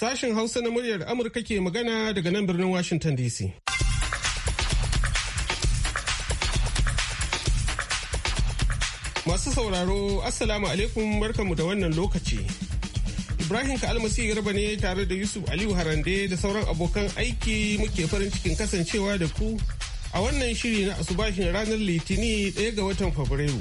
Sashen Hausa na muryar Amurka ke magana daga nan birnin Washington DC. Masu sauraro, Assalamu alaikum barkanmu da wannan lokaci. Ibrahim ka'almasi Garba ne tare da Yusuf Aliyu Harande da sauran abokan aiki muke farin cikin kasancewa da ku a wannan shiri na asubashin ranar Litini ɗaya ga watan Fabrairu.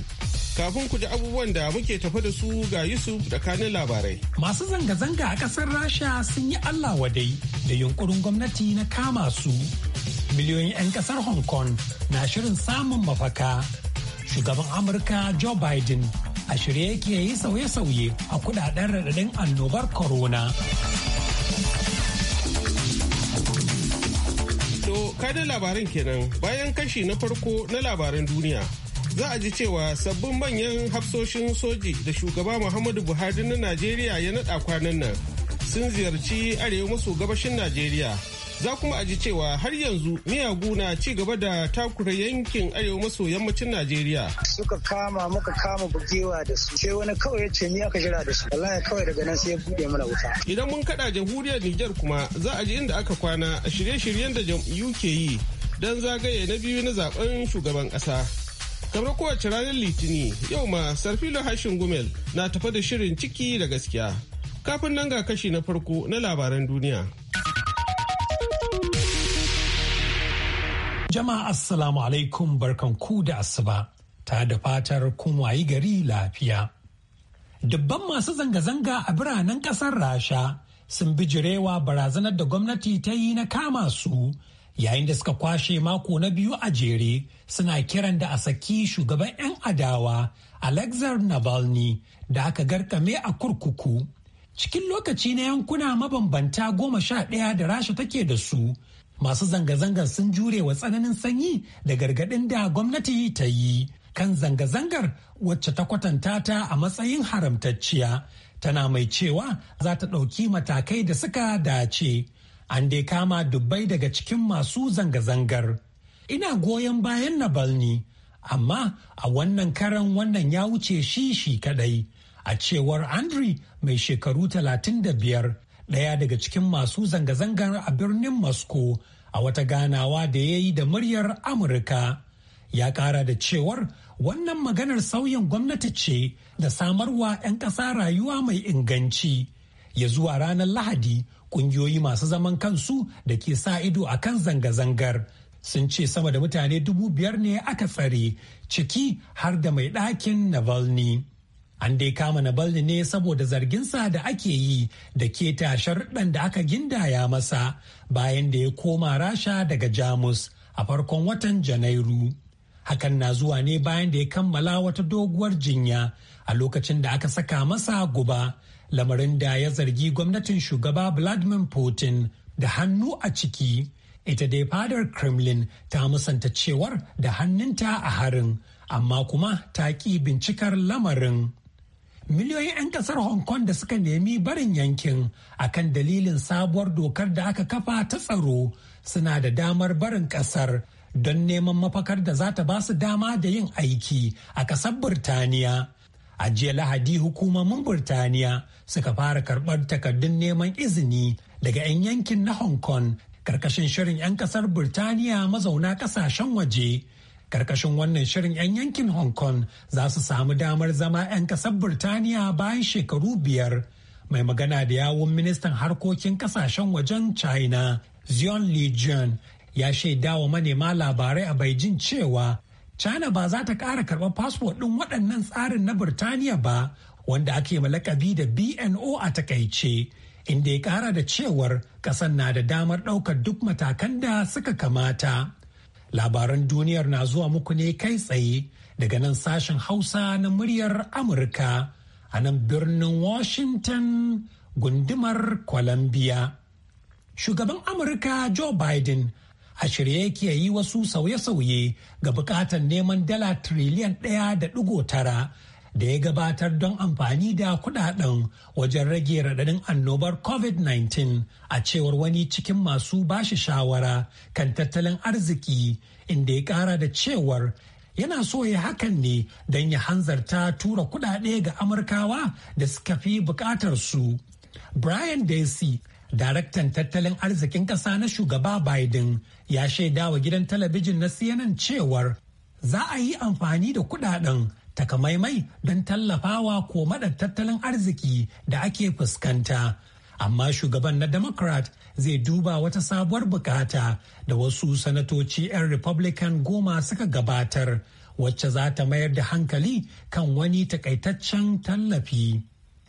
Kafin ku ji abubuwan da muke tafa da su ga Yusuf da kanin labarai. Masu zanga-zanga a ƙasar Rasha sun yi Allah wadai da yunkurin gwamnati na kama su. Miliyoyin 'yan ƙasar Hong Kong na shirin samun mafaka. Shugaban Amurka Joe Biden a shirye yake yi sauye-sauye a kudaden raɗaɗin annobar corona. To, kanin labarin kenan bayan kashi na farko na labaran duniya. za a ji cewa sabbin manyan hafsoshin soji da shugaba muhammadu buhari na najeriya ya naɗa kwanan nan sun ziyarci arewa maso gabashin najeriya za kuma a ji cewa har yanzu miyagu na ci gaba da takura yankin arewa maso yammacin najeriya suka kama muka kama bugewa da su sai wani kawai ya ni aka jira da su ya kawai daga nan sai ya bude mana wuta idan mun kada jamhuriyar niger kuma za a ji inda aka kwana a shirye-shiryen da jam'iyyu ke yi don zagaye na biyu na zaben shugaban ƙasa. kamar kowace ranar litini yau ma sarfilo hashin gumel na tafa da shirin ciki da gaskiya kafin nan ga kashi na farko na labaran duniya jama'a assalamu alaikum barkan ku da asuba ta da fatar kun wayi gari lafiya dubban masu zanga-zanga a biranen kasar rasha sun bijirewa barazanar da gwamnati ta yi na kama su yayin da suka kwashe mako na biyu a jere suna kiran da a saki shugaban 'yan adawa alexander navalny da aka garkame a kurkuku cikin lokaci na yankuna mabambanta goma sha ɗaya da rasha take da su masu zanga-zangar sun jure wa tsananin sanyi da gargaɗin da gwamnati ta yi kan zanga-zangar wacce ta kwatanta ta a matsayin haramtacciya tana mai cewa za ta ɗauki matakai da suka dace. an dai kama dubbai daga cikin masu zanga-zangar ina goyon bayan na balni. amma a wannan karan wannan ya wuce shi shi kadai a cewar andri mai shekaru 35 ɗaya daga cikin masu zanga-zangar a birnin moscow a wata ganawa da ya yi da muryar amurka ya ƙara da cewar wannan maganar sauyin gwamnati ce da samarwa 'yan ƙasa rayuwa mai inganci ya zuwa ranar lahadi kungiyoyi masu zaman kansu da ke sa ido a kan zanga-zangar sun ce sama da mutane dubu biyar ne aka tsare ciki har da mai ɗakin navalny an dai kama navalny ne saboda zarginsa da ake yi da ke sharuɗan da aka gindaya masa bayan da ya koma rasha daga jamus a farkon watan janairu hakan na zuwa ne bayan da ya kammala wata doguwar jinya a lokacin da aka saka masa guba lamarin da ya zargi gwamnatin shugaba Vladimir Putin da hannu a ciki. Ita dai fadar Kremlin ta musanta cewar da hannunta a harin, amma kuma ta ƙi bincikar lamarin. Miliyoyin 'yan kasar Hong Kong da suka nemi barin yankin a kan dalilin sabuwar dokar da aka kafa ta tsaro suna da damar barin kasar don neman mafakar da za ta ba su dama da yin aiki a kasar Birtaniya. A jiya Lahadi hukumomin Burtaniya suka fara karɓar takardun neman izini daga 'yan yankin na Hong Kong karkashin shirin 'yan kasar Burtaniya mazauna kasashen waje. Karkashin wannan shirin 'yan yankin Hong Kong za su samu damar zama 'yan kasar Burtaniya bayan shekaru biyar. Mai magana da yawun ministan harkokin kasashen wajen China, Zion Li ya shaida wa manema labarai a Beijing cewa China ba za ta ƙara karɓar fasfo ɗin waɗannan tsarin na Birtaniya ba wanda ake malakabi da BNO a takaice, inda ya ƙara da cewar ƙasar na da damar ɗaukar duk matakan da suka kamata. Labaran duniyar na zuwa muku ne kai tsaye daga nan sashen Hausa na muryar Amurka a nan birnin Washington gundumar Columbia. Shugaban Amurka Joe Biden a shirye yake yi wasu sauye-sauye ga bukatar neman dala triliyan ɗaya da ɗigo tara da ya gabatar don amfani da kudaden wajen rage raɗaɗin annobar covid-19 a cewar wani cikin masu bashi shawara kan tattalin arziki inda ya ƙara da cewar yana so ya hakan ne don ya hanzarta tura kudade ga amurkawa da suka fi bukatar su brian daisy. Daraktan tattalin arzikin ƙasa na shugaba Biden ya shaidawa gidan talabijin na CNN cewar za a yi amfani da kudaden takamaimai don tallafawa ko madar tattalin arziki da ake fuskanta. Amma shugaban na Democrat zai duba wata sabuwar bukata da wasu sanatoci 'yan Republican goma suka gabatar wacce za ta mayar da hankali kan wani takaitaccen tallafi.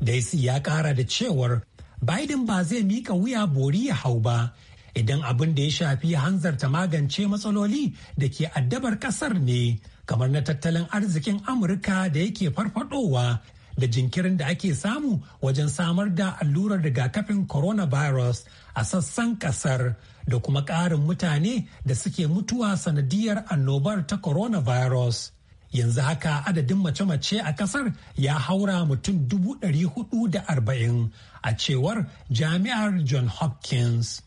Daisy ya ƙara da cewar Biden ba zai mika wuya bori ya hau ba idan abin da ya shafi hanzarta magance matsaloli da ke addabar kasar ne kamar na tattalin arzikin Amurka da yake farfadowa da jinkirin da ake samu wajen samar da allurar rigakafin coronavirus a sassan kasar da kuma ƙarin mutane da suke mutuwa sanadiyar annobar ta coronavirus. yanzu haka adadin mace-mace a kasar ya haura mutum dubu ɗari hudu da arba'in a cewar jami'ar john hopkins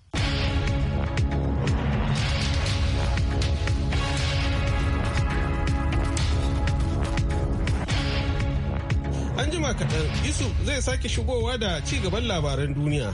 an jima kaɗan yusuf zai sake shigowa da ci gaban labaran duniya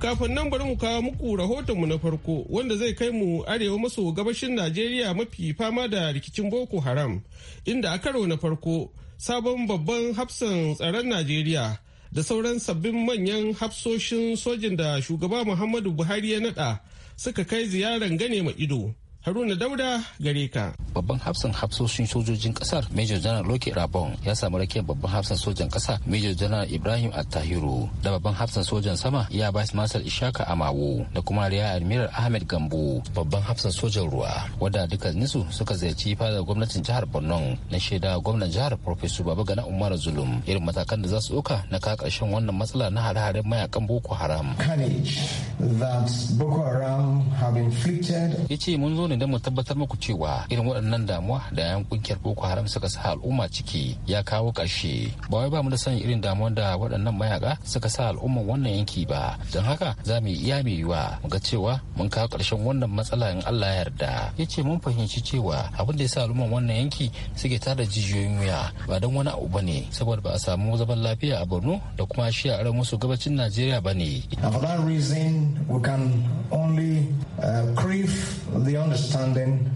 Kafin nan bari mu kawo muku rahotonmu na farko wanda zai kai mu arewa maso gabashin Najeriya mafi fama da rikicin Boko Haram inda a karo na farko sabon babban hafsan tsaron Najeriya da sauran sabbin manyan hafsoshin sojin da shugaba Muhammadu Buhari ya nada suka kai ziyaran gane ma ido. Haruna Dauda gare ka. Babban hafsan hafsoshin sojojin kasar Major General loki Rabon ya samu rakiyar babban hafsan sojan kasa Major General Ibrahim Attahiru da babban hafsan sojan sama ya Vice Marshal Ishaka Amawo da kuma Riya Admiral Ahmed Gambo babban hafsan sojan ruwa duka nisu suka ziyarci fadar gwamnatin jihar Borno na shaida gwamnan jihar Professor Babagana Umar Zulum irin matakan da za su ɗauka na ka ƙarshen wannan matsala na hare-haren mayakan Boko Haram. yace that Boko Haram have inflicted. mun zo ne don mu tabbatar muku cewa irin waɗannan damuwa da yan kungiyar boko haram suka sa al'umma ciki ya kawo ƙarshe ba wai ba mu da sanin irin damuwa da waɗannan mayaka suka sa al'umman wannan yanki ba don haka za mu iya mai yiwa mu ga cewa mun kawo ƙarshen wannan matsala in Allah ya yarda ya ce mun fahimci cewa abin da ya sa al'umman wannan yanki suke tada jijiyoyin wuya ba don wani abu bane saboda ba a samu zaman lafiya a Borno da kuma shi a musu gabacin Najeriya bane. ne. for that reason we can only uh, the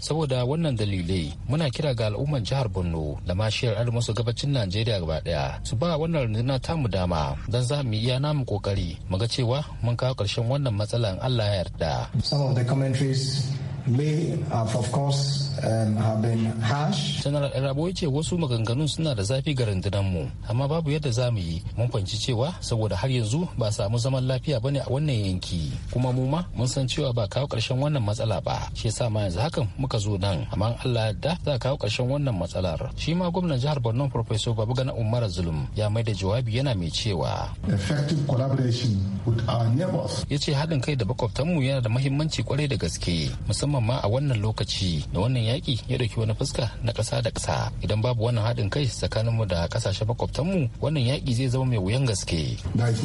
Saboda wannan dalilai muna kira ga al'ummar jihar Borno da ma shiyar maso gabacin Najeriya gaba daya su ba wannan rundunar tamu dama don za mu iya namu kokari mu ga cewa mun kawo ƙarshen wannan matsalan Allah ya yarda. Some of the commentaries may have of course um, have been harsh. General Rabo ya ce wasu maganganun suna da zafi ga mu amma babu yadda za mu yi mun fahimci cewa saboda har yanzu ba samu zaman lafiya bane a wannan yanki kuma mu ma mun san cewa ba kawo karshen wannan matsala ba shi yasa ma yanzu hakan muka zo nan amma Allah da za kawo karshen wannan matsalar shi ma gwamnan jihar Borno Professor Gana Umar Zulum ya mai da jawabi yana mai cewa effective collaboration with our neighbors yace haɗin kai da mu yana da muhimmanci kwarai da gaske musamman musamman ma a wannan lokaci da wannan yaki ya dauki wani fuska na ƙasa da ƙasa idan babu wannan haɗin kai tsakanin mu da ƙasashe makwabtanmu wannan yaki zai zama mai wuyan gaske there is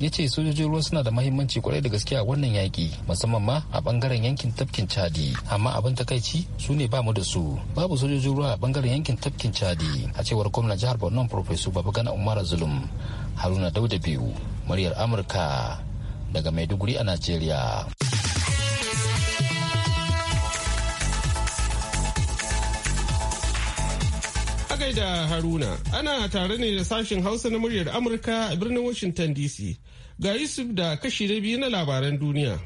yace sojojin ruwa suna da mahimmanci kwarai da gaske a wannan yaki musamman ma a bangaren yankin tafkin chadi amma abin takaici su ne bamu da su babu sojojin ruwa a bangaren yankin tafkin chadi a cewar gwamnan jihar borno professor gana umar zulum haruna dauda biyu muryar amurka daga Maiduguri a Najeriya. da Haruna, ana tare ne da sashen Hausa na muryar Amurka a birnin Washington DC. Ga Yusuf da kashi na biyu na labaran duniya.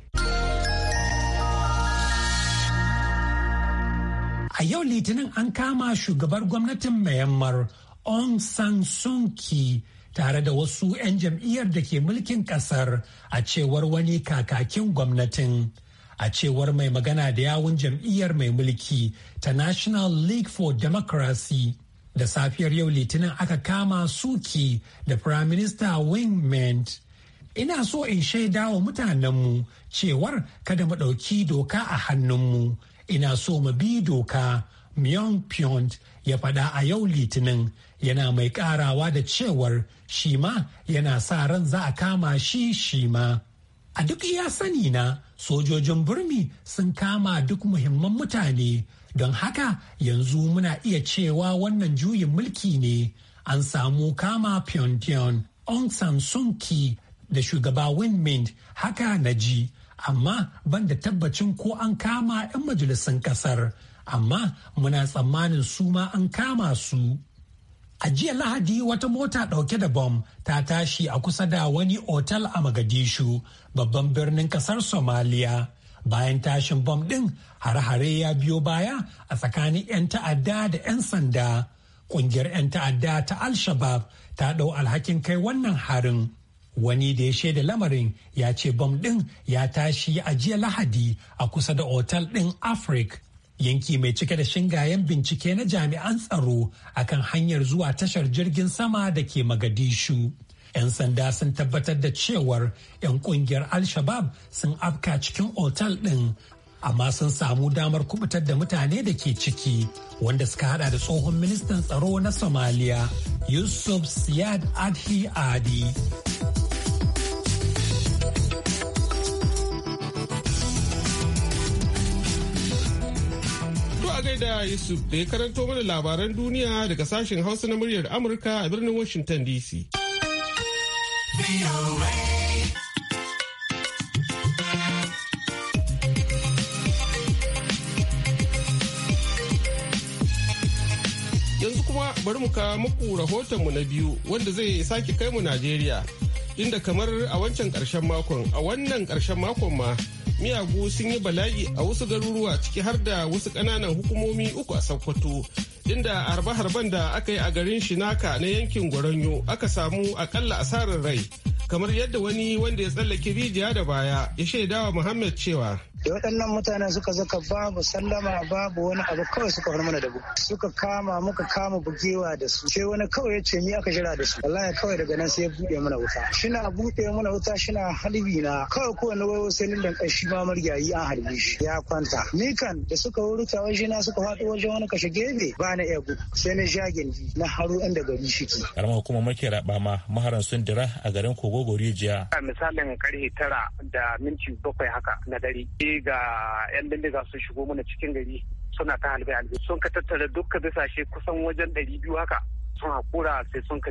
A yau Litinin an kama shugabar gwamnatin Myanmar Aung San Suu Kyi tare da wasu 'yan jam'iyyar da ke mulkin kasar a cewar wani kakakin gwamnatin a cewar mai magana da yawun jam'iyyar mai mulki ta national league for democracy da safiyar yau litinin aka kama suki da prime minister wing mint ina so in shaida wa mutanenmu cewar kada mu ɗauki doka a hannunmu ina so mu bi doka Myung Pyont ya faɗa a yau litinin yana mai karawa da cewar shi ma yana sa ran za a kama shi shi ma. A duk iya sani na sojojin birni sun kama duk muhimman mutane don haka yanzu muna iya cewa wannan juyin mulki ne an samu kama Pyongyang Aung San Suu Kyi da shugaba Win haka na ji amma ban da tabbacin ko an kama 'yan majalisun kasar amma muna tsammanin su ma an kama su. A jiya Lahadi wata mota ɗauke da bom ta tashi a kusa da wani otal a Magadishu, babban birnin kasar Somaliya. Bayan tashin bom ɗin, hare-hare ya biyo baya a tsakanin 'yan ta'adda da 'yan sanda. Ƙungiyar 'yan ta'adda ta Al-Shabab ta ɗau alhakin kai wannan harin. Wani da ya shaida lamarin ya ce bom ɗin ya tashi a jiya Lahadi a kusa da otal ɗin Afirka. yanki mai cike da shingayen bincike na jami'an tsaro akan hanyar zuwa tashar jirgin sama da ke magadishu 'yan sanda sun tabbatar da cewar 'yan kungiyar al-shabab sun afka cikin otal ɗin amma sun samu damar kubutar da mutane da ke ciki wanda suka hada da tsohon ministan tsaro na somalia yusuf siyad adhi adi gaida Yusuf da ya karanto mana labaran duniya daga sashen Hausa na muryar Amurka a birnin Washington DC. Yanzu kuma bari mu kawo muku rahotonmu na biyu wanda zai sake kai mu Najeriya. inda kamar a wancan ƙarshen makon a wannan ƙarshen makon ma miyagu sun yi bala'i a wasu garuruwa ciki har da wasu ƙananan hukumomi uku a Sokoto inda harbe-harben da aka yi a garin Shinaka na yankin Gwaranyo aka samu akalla asarar rai kamar yadda wani wanda ya tsallake rijiya da baya ya shaidawa Muhammad cewa da waɗannan mutanen suka zaka babu sallama babu wani abu kawai suka far mana da bu suka kama muka kama bugewa da su sai wani kawai ya ce ni aka jira da su wallahi kawai daga nan sai ya buɗe mana wuta shina buɗe mana wuta shina halbi na kawai wani wayo sai dan kashi ma maryayi an harbi shi ya kwanta ni kan da suka wuruta waje na suka faɗo wajen wani kashe gebe ba na iya sai na sha gindi na haro inda gari shiki karamar muke raba ma maharan sundira a garin kogogori jiya misalin karfe tara da minti bakwai haka na dare eh, ga 'yan bindiga sun shigo mana cikin gari suna ta halbe halbe sun ka tattara dukkan bisashe kusan wajen ɗari biyu haka sun hakura sai sun ka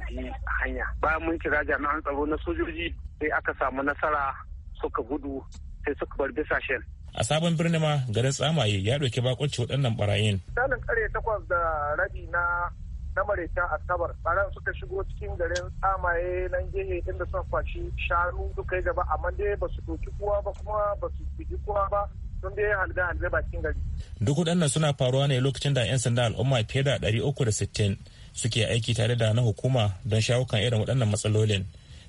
hanya bayan mun kira jami'an tsaro na sojoji sai aka samu nasara suka gudu sai suka bar bisashen a sabon birni ma garin tsamaye ya ɗauki bakunci waɗannan barayin. Misalin kare takwas da rabi na na maraitan asabar baran suka shigo cikin garin tsamaye nan jihe inda suka kwashi shanu suka yi gaba amma dai ba su doki kowa ba kuma ba su fiji kowa ba sun dai halga halbe bakin gari. duk waɗannan suna faruwa ne lokacin da 'yan sanda al'umma fiye da ɗari uku da sittin suke aiki tare da na hukuma don shawo kan irin waɗannan matsalolin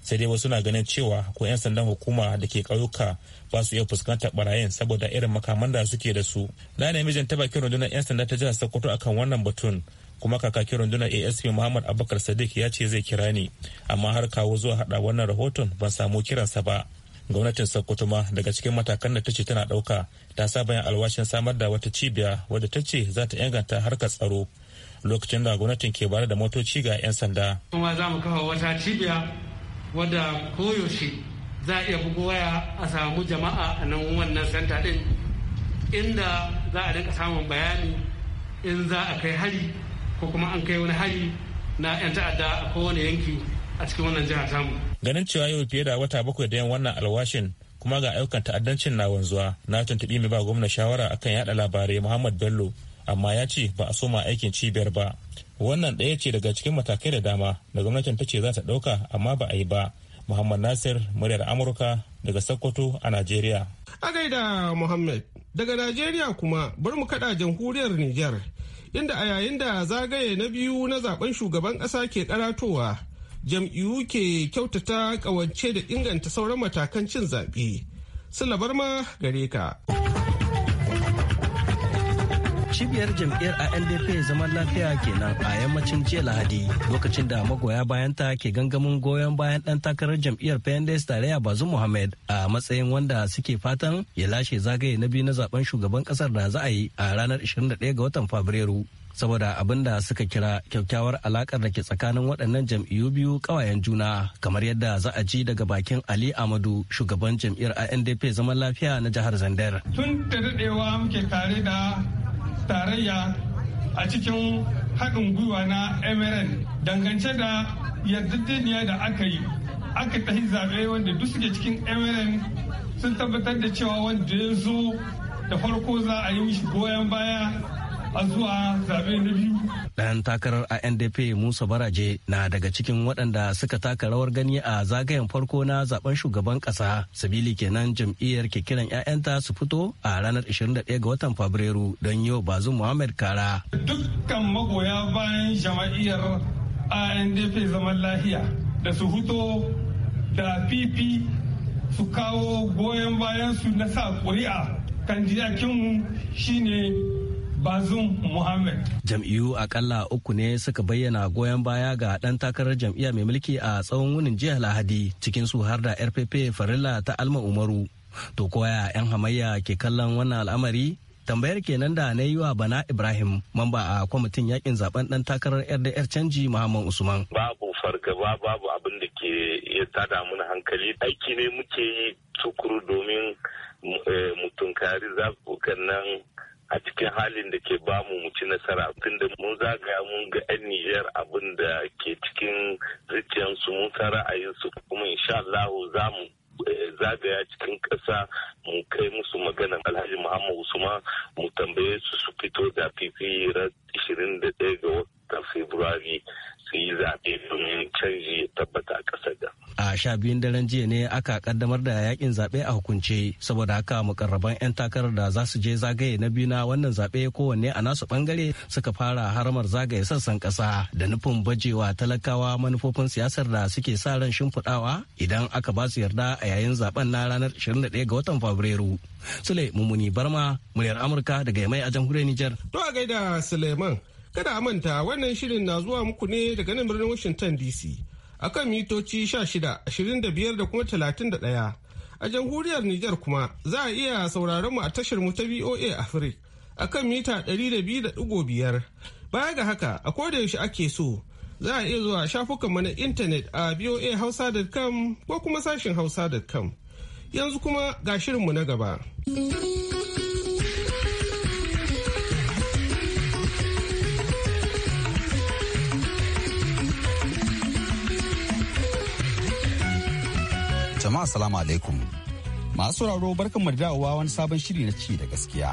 sai dai wasu na ganin cewa ko 'yan sandan hukuma da ke ƙauyuka ba su iya fuskantar barayin saboda irin makaman da suke da su na ne mijin ta bakin rundunar 'yan sanda ta jihar sokoto akan wannan batun kuma kakakin rundunar asp muhammad abubakar sadiq ya ce zai kira ni amma har kawo zuwa hada wannan rahoton ban samu kiransa ba gwamnatin sokoto ma daga cikin matakan da ta ce tana dauka ta sa bayan alwashin samar da wata cibiya wadda ta ce za ta inganta harkar tsaro lokacin da gwamnatin ke bayar da motoci ga 'yan sanda. kuma za mu kawo wata cibiya wadda koyaushe za a iya bugu waya a samu jama'a a nan wannan santa din inda za a rinka samun bayani in za a kai hari ko kuma an kai wani hari na 'yan ta'adda a kowane yanki a cikin wannan jiha tamu. Ganin cewa yau fiye da wata bakwai da yan wannan alwashin kuma ga ayyukan ta'addancin na wanzuwa na tuntuɓi mai ba gwamna shawara akan yaɗa labarai Muhammad Bello amma ya ce ba a soma aikin cibiyar ba. Wannan ɗaya ce daga cikin matakai da dama da gwamnatin ta ce za ta ɗauka amma ba a yi ba. Muhammad Nasir muryar Amurka daga Sokoto a Najeriya. A gaida Muhammad daga Najeriya kuma bari mu kaɗa jamhuriyar Nijar. inda a yayin da zagaye na biyu na zaben shugaban ƙasa ke karatowa jam'iyyu ke kyautata ƙawance da inganta sauran matakan cin zaɓe. Sulabar ma gare ka. cibiyar jam'iyyar a ndp zaman lafiya kenan a yammacin jiya lahadi lokacin da magoya bayanta ke gangamin goyon bayan dan takarar jam'iyyar pnds tarayya bazu muhammad a matsayin wanda suke fatan ya lashe zagaye na biyu na zaben shugaban kasar da za a yi a ranar 21 ga watan fabrairu saboda abin da suka kira kyakkyawar alakar da ke tsakanin waɗannan jam'iyyu biyu ƙawayen juna kamar yadda za a ji daga bakin ali amadu shugaban jam'iyyar andp zaman lafiya na jihar zander. tun da daɗewa muke tare da tarayya a cikin haɗin gwiwa na mrn dangance da yarjejeniya da aka yi aka tafi zaɓe wanda duk suke cikin mrn sun tabbatar da cewa wanda ya zo da farko za a yi mishi goyon baya a zuwa zaɓe na biyu Ɗan takarar a NDP Musa Baraje na daga cikin waɗanda suka taka rawar gani a zagayen farko na zaben shugaban ƙasa. Sabili kenan jam'iyyar ke kiran 'ya'yanta su fito a ranar 21 ga watan Fabrairu don yi wa Muhammad Kara. Dukkan magoya bayan jama'iyyar ndp zaman lafiya da su fito da PP su kawo goyon bayan su na sa ƙuri'a kan jiyakinmu shine bazum muhammad jam'iyyu akalla uku ne suka bayyana goyon baya ga dan takarar jam'iyya mai mulki a tsawon wunin jiya lahadi cikin su har da rpp farilla ta alma umaru to koya yan hamayya ke kallon wannan al'amari tambayar kenan da na yi wa bana ibrahim mamba a kwamitin yakin zaben dan takarar rdr canji muhammad usman babu fargaba babu abin da ke ya tada mana hankali aiki ne muke yi tukuru domin eh, mu tunkari zaɓuɓɓukan nan a cikin halin da ke bamu mu ci nasara tunda mun zagaya mun ga 'yan Nijar abin da ke cikin zuciyarsu mun san ra'ayinsu kuma insha Allah za mu eh, zagaya cikin ƙasa mu kai musu maganar Alhaji Muhammad Usman mu tambaye su su fito da fifi 21 ga watan Fabrairu su yi zaɓe domin canji tabbata a ƙasar da. A sha biyun daren jiya ne aka kaddamar da yakin zaɓe a hukunce saboda haka mukarraban 'yan takarar da za su je zagaye na biyu na wannan zaɓe kowanne a nasu ɓangare suka fara haramar zagaye sassan ƙasa da nufin bajewa talakawa manufofin siyasar da suke sa ran shimfiɗawa idan aka ba su yarda a yayin zaɓen na ranar 21 ga watan Fabrairu. Sule Mumuni Barma, muryar Amurka daga Yamai a jamhuriyar Nijar. To a gaida Suleiman. Kada a manta wannan shirin na zuwa muku ne daga nan birnin Washington DC akan mitoci 16, 25 da kuma 31. A jamhuriyar Niger kuma za a iya sauraron mu a tashar mu ta VOA Africa akan mita 200.5. Baya ga haka a koda yaushe ake so za a iya zuwa shafukan mu na intanet a voahausa.com ko kuma sashin hausa.com. Yanzu kuma ga shirin mu na gaba. jama'a salamu alaikum masu sauraro barkan mu dawowa wani sabon shiri na ci da gaskiya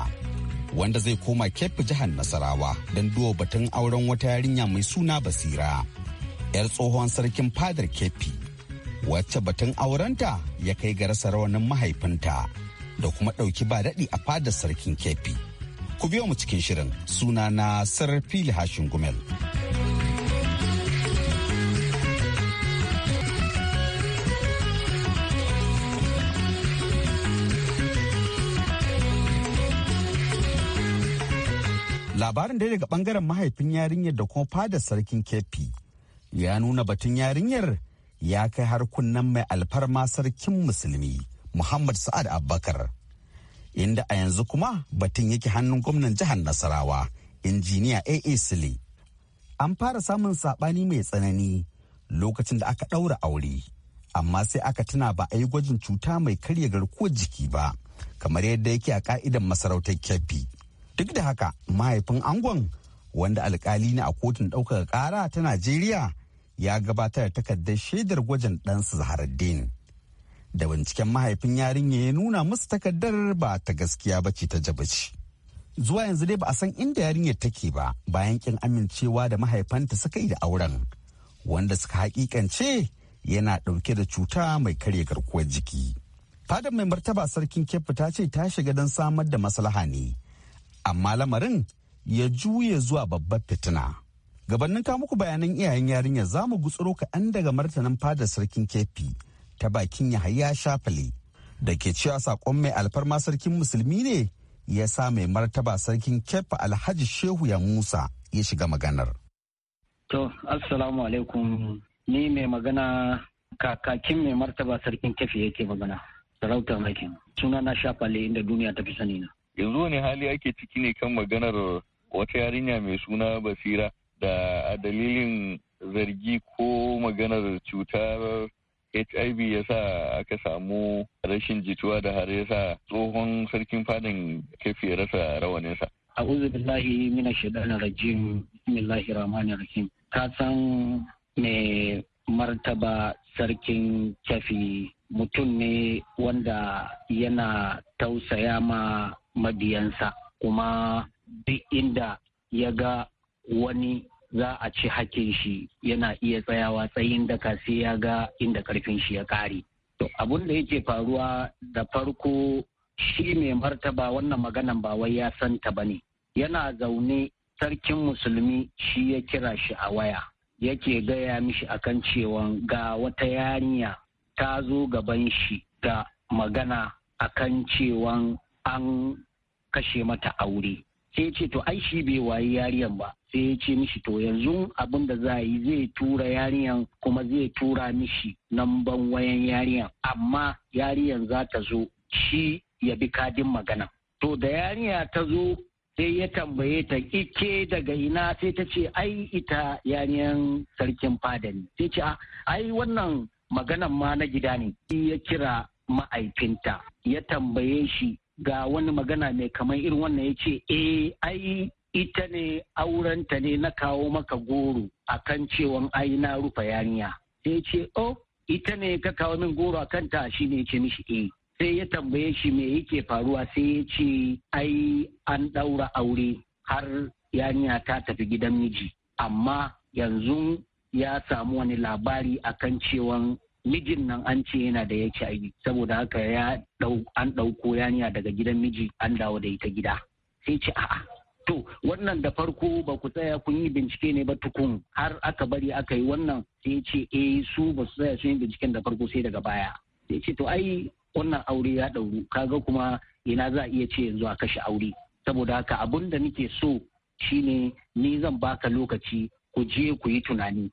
wanda zai koma kefi jihar nasarawa don duwa batun auren wata yarinya mai suna basira yar tsohon sarkin fadar kefi wacce batun aurenta ya kai ga rasa rawanin mahaifinta da kuma ɗauki ba daɗi a fadar sarkin kefi ku biyo mu cikin shirin suna na sarfili hashin gumel. labarin da daga bangaren mahaifin yarinyar da kuma fada sarkin kefi ya nuna batun yarinyar ya kai har kunnen mai alfarma sarkin musulmi muhammad sa'ad abubakar inda a yanzu kuma batun yake hannun gwamnan jihar nasarawa injiniya aa sile an fara samun saɓani mai tsanani lokacin da aka ɗaura aure amma sai aka tuna ba a yi gwajin cuta mai karya garkuwar jiki ba kamar yadda yake a ka'idan masarautar kyafi duk da haka mahaifin angon wanda alkali ne a kotun ɗaukar ƙara ta najeriya ya gabatar takardar shaidar gwajin ɗansa zaharaddin da binciken mahaifin yarinya ya nuna musu takardar ba ta gaskiya ba ce ta ce. zuwa yanzu dai ba a san inda yarinyar take ba bayan kin amincewa da mahaifanta suka yi da auren wanda suka hakikance yana ɗauke da cuta mai karya garkuwar jiki fadar mai martaba sarkin kefi ta ce ta shiga don samar da maslaha ne amma lamarin ya juya zuwa babbar fitina. Gabannin ka muku bayanan iyayen yarinya za mu gutsuro kaɗan daga martanin fadar sarkin kefi ta bakin Yahaya Shafale da ke cewa saƙon mai alfarma sarkin musulmi ne ya sa mai martaba sarkin kefa Alhaji Shehu ya Musa ya shiga maganar. To, Assalamu alaikum ni mai magana kakakin mai martaba sarkin kefi yake magana. Sarauta mai Suna na shafali inda duniya ta fi sani na. yanzu wani hali ake ciki ne kan maganar wata yarinya mai suna basira da a dalilin zargi ko maganar cutar hiv ya sa aka samu rashin jituwa da har ya sa tsohon sarkin fadin kafi rasa rawaninsa a'udhu billahi minash shaitanir rajim bismillahir rahmanir rahim ka san me martaba sarkin kafi mutum ne wanda yana tausaya ma mabiyansa kuma duk inda ya ga wani za a ci hakin shi yana iya tsayawa tsayin daka sai ya ga inda karfin shi ya kare. To abun da yake faruwa da farko shi mai martaba wannan maganan ba wai ya santa ba ne. Yana zaune sarkin musulmi shi ya kira shi a waya yake gaya mishi akan cewa ga wata yarinya ta zo gaban shi da magana akan cewan an kashe mata aure sai ce to ai shi bai wayi yariyan ba sai ya ce mishi to yanzu abin da za yi zai tura yariyan kuma zai tura mishi namban wayan yariyan amma yariyan za ta zo shi ya bi kadin magana to da yariya ta zo sai ya tambaye ta ike daga ina sai ta ce ai ita yariyan sarkin fada ne sai ce ai wannan maganan ma na gida ne ya kira ma'aikinta. ya tambaye shi ga wani magana mai kamar irin wannan ya ce eh ai ita ne aurenta ne na kawo maka goro A kan cewan ai na rufa yarinya sai ce oh ita ne ka kawo min goro a kanta shi ne ce mishi eh sai ya tambaye shi me yake faruwa sai ya ce ai an ɗaura aure har yarinya ta tafi gidan miji amma yanzu ya samu wani labari akan cewan mijin nan an ce yana da HIV saboda haka ya an ɗauko yaniya daga gidan miji an dawo da ita gida sai ce a'a to wannan da farko ba ku tsaya kun yi bincike ne ba tukun har aka bari aka yi wannan sai ce eh su ba su tsaya sun yi binciken da farko sai daga baya sai ce to ai wannan aure ya ɗauru kaga kuma ina za a iya ce yanzu a kashe aure saboda haka abun da nake so shine ni zan baka lokaci ku je ku yi tunani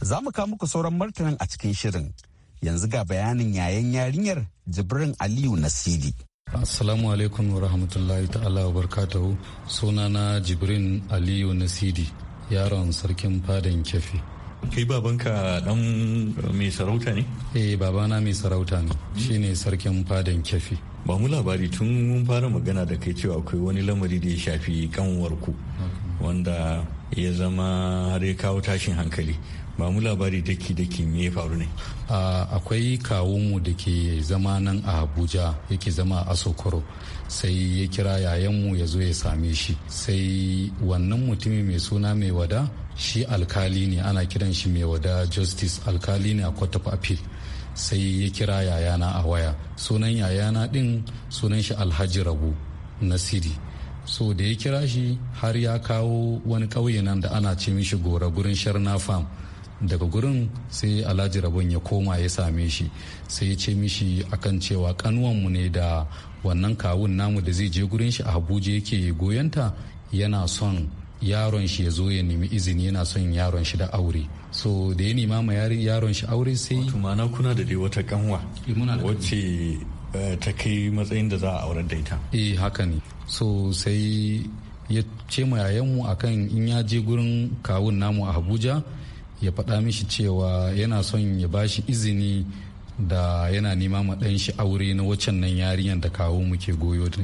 Za mu kawo muku sauran martanin a cikin shirin. Yanzu ga bayanin yayan yarinyar Jibrin Aliyu Nasiri. Assalamu alaikum wa rahmatullahi ta'ala wa barkatahu sunana Jibrin Aliyu Nasidi yaron sarkin fadan kyafi. Kai babanka dan mai sarauta ne? Eh babana mai sarauta ne hmm. shine sarkin fadan kyafi. Ba mu labari tun mun fara magana da kai cewa akwai wani lamari da ya shafi kanwarku wanda ya zama har ya kawo tashin hankali ba mu labari daki daki me ya faru ne akwai kawunmu da ke zama nan a abuja yake zama a sokoro sai ya kira mu ya zo ya same shi sai wannan mutumin mai suna mai wada shi alkali ne ana kiran shi mai wada justice alkali ne a court of sai ya kira yayana a waya sunan yayana din sunan shi alhaji rabu nasiri so da ya kira shi har ya kawo wani ƙauye nan da ana ce mishi gora gurin sharna farm daga gurin sai alhaji rabon ya koma ya same shi sai ya ce mishi akan cewa mu ne da wannan kawun namu da zai je gurin shi a abuja yake goyonta yana son yaron shi ya zo ya nemi izini yana son yaron shi da aure so da ya nema ma yaron shi aure sai kuna da dai wata kanwa eh, wacce Eh, ta kai matsayin da za a aurar da ita eh haka ne so sai ya ce ma yayanmu akan in ya je gurin kawun namu a abuja ya faɗa mishi cewa yana son ya bashi izini da yana nema ma ɗan shi aure na waccan nan yarinyar da kawo ke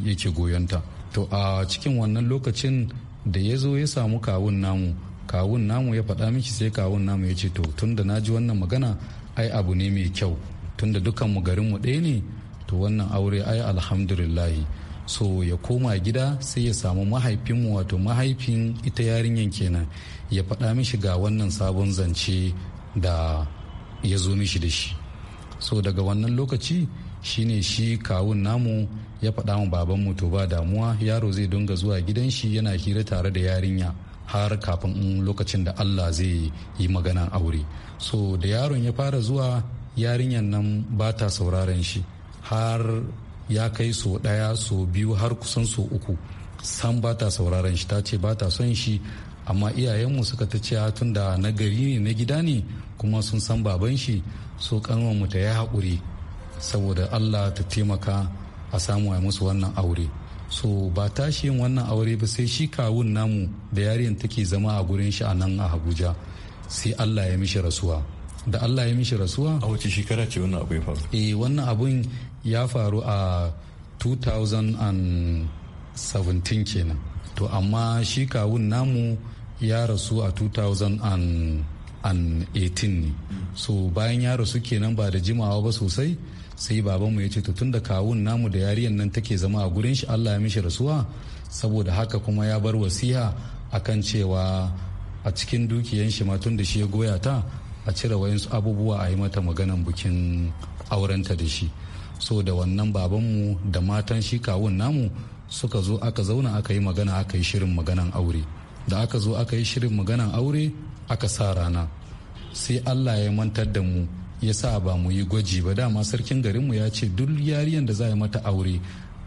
yake goyonta to a cikin wannan lokacin da ya zo ya samu kawun namu kawun namu ya faɗa mishi sai kawun namu ya ce to tunda na ji wannan magana ai abu ne mai kyau tun da garin garinmu ɗaya ne to wannan aure ai alhamdulillahi so ya koma gida sai ya samu mahaifinmu wato mahaifin ita yarinyan kenan ya faɗa mishi ga wannan sabon zance da ya zo mishi da shi so daga wannan lokaci shine shi kawun namu ya faɗa mu babanmu to ba damuwa yaro zai dinga zuwa gidan shi yana hira tare da yarinya har kafin lokacin da allah zai yi magana aure so da yaron ya fara zuwa yarinyan nan ba ta sauraron shi har ya kai so ɗaya so biyu har kusan so uku san ba ta sauraron shi ta ce ba ta son shi amma iyayenmu suka ta ce tun da na gari ne na gida ne kuma sun san baban shi so kanwanmu ta ya haƙuri saboda allah ta taimaka a samu a musu wannan aure so ba ta shi yin wannan aure ba sai shi kawun namu da yarinyar take zama a gurin shi a nan a abuja sai allah ya mishi rasuwa da allah ya mishi rasuwa a wace shekara ce wannan abu ya faru eh wannan abun ya faru a 2017 kenan to amma shi kawun namu ya rasu a 2018 ne so bayan ya rasu kenan ba da jimawa ba sosai sai babanmu ya ce to tun da kawun namu da yariyan nan take zama a gurin shi allah ya mishi rasuwa saboda haka kuma ya bar wasiha a kan cewa a cikin dukiyan shi ma tun da shi ya goya ta a cire wayansu abubuwa a yi mata maganan bukin aurenta da shi so da wannan babanmu da matan shi kawun namu suka zo aka zauna aka yi magana aka yi shirin maganan aure da aka zo aka yi shirin maganan aure aka sa rana sai allah ya mantar da mu ya sa ba mu yi gwaji ba dama sarkin garinmu ya ce duk yariyan da za a mata aure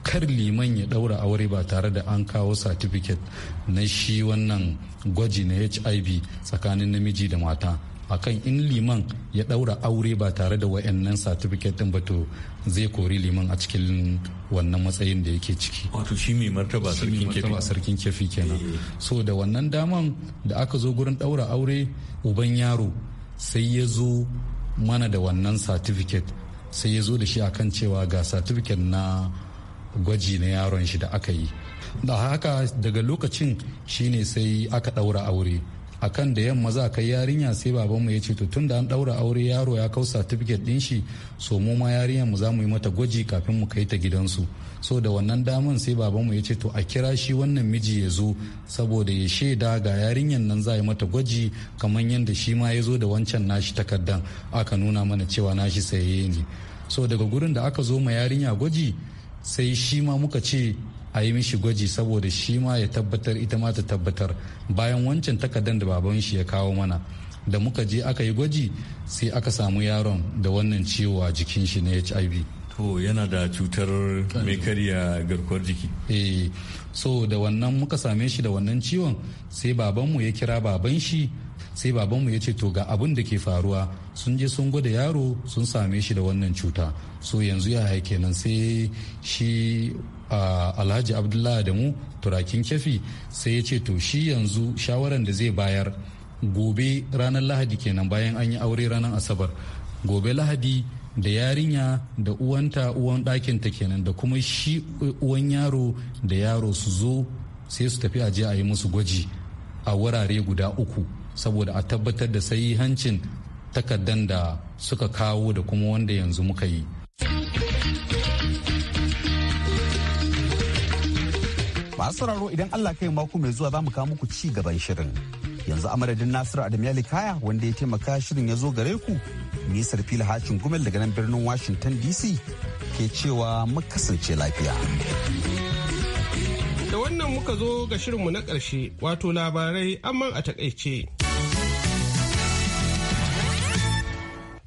kar liman ya daura aure ba tare da an kawo satifiket na shi wannan gwaji na hiv tsakanin namiji da mata akan in liman ya ɗaura aure ba tare da wa'annan certificate ɗin ba to zai kori liman a cikin wannan matsayin da yake ciki wato shi mai martaba sarkin kefi sarkin kefi kenan eh. so da wannan daman da aka zo gurin daura aure uban yaro sai ya zo mana da wannan satifiket sai ya zo da shi akan cewa ga satifiket na gwaji na yaron shi da aka yi da haka daga lokacin shine sai aka ɗaura aure akan da yamma za kai yarinya sai babanmu ya ce to tun da an ɗaura aure yaro ya kau certificate din shi so mu ma yarinyar mu za mu yi mata gwaji kafin mu kai ta gidansu so da wannan daman sai babanmu ya ce to a kira shi wannan miji ya zo saboda ya shaida ga yarinyar nan za a yi mata gwaji kamar yadda shi ma ya zo da wancan nashi takardan aka nuna mana cewa nashi saye ne so daga gurin da aka zo ma yarinya gwaji sai shi ma muka ce a yi mishi gwaji saboda shi ma ya tabbatar ita ma ta tabbatar bayan wancan takardar da baban shi ya kawo mana da muka je aka yi gwaji sai aka samu yaron da wannan ciwo a jikin shi na hiv to yana da cutar mai karya garkuwar jiki eh so da wannan muka same shi da wannan ciwon sai babanmu ya kira baban shi sai babanmu ya ce to ga abin da ke faruwa sun je sun gwada yaro sun same shi da wannan cuta so yanzu ya haike nan sai shi alhaji abdullahi adamu turakin kefi sai ya ce to shi yanzu shawaran da zai bayar gobe ranar lahadi kenan bayan an yi aure ranar asabar gobe lahadi da yarinya da uwanta uwan ɗakinta kenan da kuma shi eh, uwan yaro da yaro su zo sai su tafi aje a yi musu gwaji a wurare guda uku saboda a tabbatar da sai hancin takardan da suka kawo da kuma wanda yanzu muka yi masu sauraro idan Allah kai mako mai zuwa za mu kawo muku ci gaban shirin yanzu a madadin Nasiru Adamu Kaya wanda ya taimaka shirin ya zo gare ku ni Sarfil Hashin Gumel daga nan birnin Washington DC ke cewa mu kasance lafiya. Da wannan muka zo ga shirinmu na ƙarshe wato labarai amman a takaice.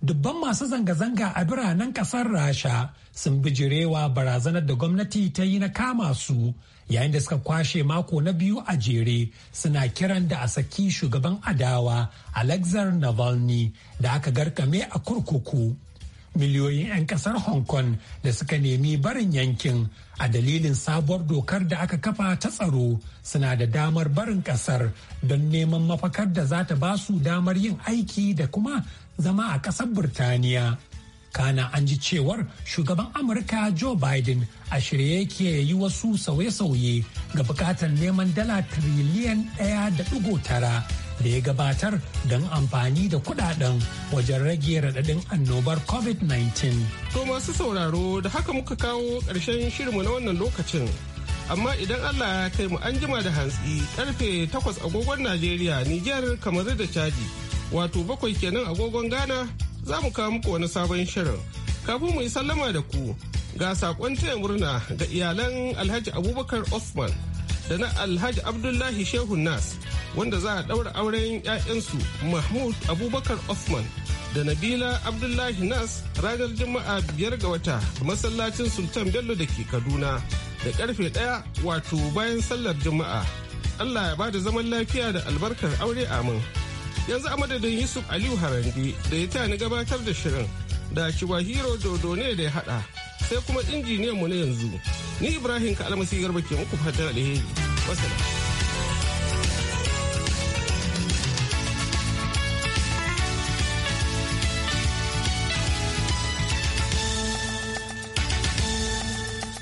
dubban masu zanga-zanga a biranen kasar rasha sun bijirewa barazanar da gwamnati ta yi na kama su yayin da suka kwashe mako na biyu a jere suna kiran da a saki shugaban adawa alexander navalny da aka garkame a kurkuku miliyoyin 'yan kasar hong kong da suka nemi barin yankin a dalilin sabuwar dokar da aka kafa ta tsaro suna da damar barin kasar don neman mafakar da za ta ba su damar yin aiki da kuma zama a ƙasar Burtaniya. Kana an ji cewar shugaban Amurka Joe Biden a shirye yake yi wasu sauye-sauye ga bukatar neman dala tiriliyan ɗaya da ɗigo tara da ya gabatar don amfani da kuɗaɗen wajen rage raɗaɗin annobar COVID-19. To masu sauraro da haka muka kawo ƙarshen shirinmu na wannan lokacin. Amma idan Allah ya kai mu an jima da hantsi karfe 8 agogon Najeriya, Nijar, kamar da Chadi. wato bakwai kenan agogon Ghana za mu kawo muku wani sabon shirin. Kafin mu yi sallama da ku ga sakon taya murna ga iyalan Alhaji Abubakar Osman da na Alhaji Abdullahi Shehu Nas wanda za a ɗaura auren 'ya'yansu Mahmud Abubakar Osman da Nabila Abdullahi Nas ranar Juma'a biyar ga wata masallacin Sultan Bello da ke Kaduna da karfe ɗaya wato bayan sallar Juma'a. Allah ya ba da zaman lafiya da albarkar aure amin. yanzu a madadin yusuf aliyu harande da ya ta ni gabatar da shirin da hero dodo ne da ya hada sai kuma injiniyan mu na yanzu ni ibrahim ka almasi garba ke muku fatan alheri wasalam